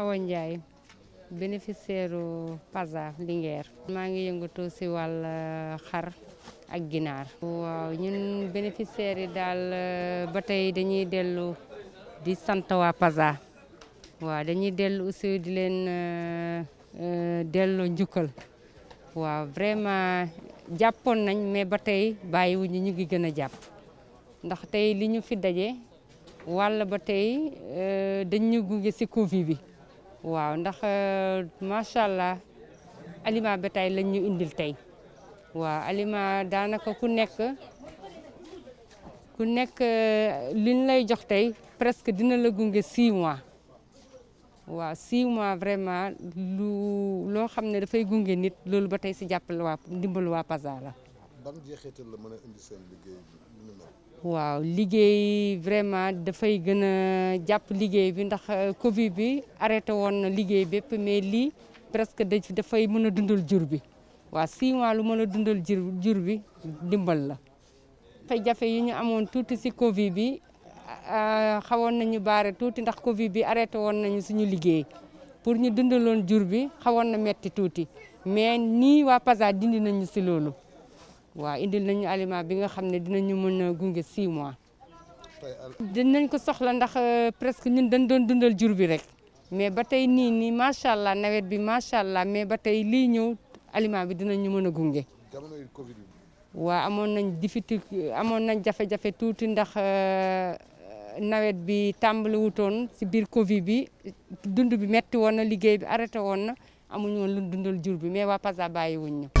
Awa Ndiaye bénéficiaire u PASA maa ngi yëngatoo si wàll euh, xar ak ginaar waaw ñun bénéficiaires yi daal euh, ba tey dañuy dellu di sant waa PASA waaw dañuy dellu aussi di leen euh, dellu njukkal waaw vraiment jàppoon nañ mais ba tey bàyyiwuñu ñu ngi gën a jàpp ndax tey li ñu fi daje wàll ba tey dañ ñu si Covid waaw ndax euh, macha allah aliment bétail lañ ñu indil tey waaw aliment daanaka ku nekk ku nekk euh, liñ lay jox tey presque dina la gunge 6 mois waaw 6 mois vraiment lu loo xam ne dafay gunge nit loolu ba tey si jàppal waa ndimbalu waa PAZA la. ban jeexital liggéey waaw liggéey vraiment dafay gën a jàpp liggéey bi ndax euh, Covid bi arrêté woon na liggéey bépp mais lii presque dafay mën a dundal jur bi waa six mois lu mën a dundal jur bi dimbal la. jafe-jafe yi ñu amoon tuuti si Covid bi xawoon nañu baare tuuti ndax Covid bi arrêté woon nañu suñu liggéey pour ñu dundaloon jur bi xawoon na metti tuuti mais nii waa Paza dindi nañu si loolu. waaw indil nañu aliment bi nga xam ne dinañu mën a gunge 6 mois. dinañ ko soxla ndax euh, presque ñun dañ doon dundal jur bi rek mais ba tey nii nii macha allah nawet bi macha allah mais ba tey lii ñëw aliment bi dina ñu mën a gunge. jamonoy amoon nañ difficulté amoon nañ jafe-jafe tuuti ndax euh, nawet bi tàmbali wutoon si biir Covid bi dund bi metti woon na liggéey bi arrêté woon na amuñu woon lu dundal jur bi mais waa PASA bàyyi wuñ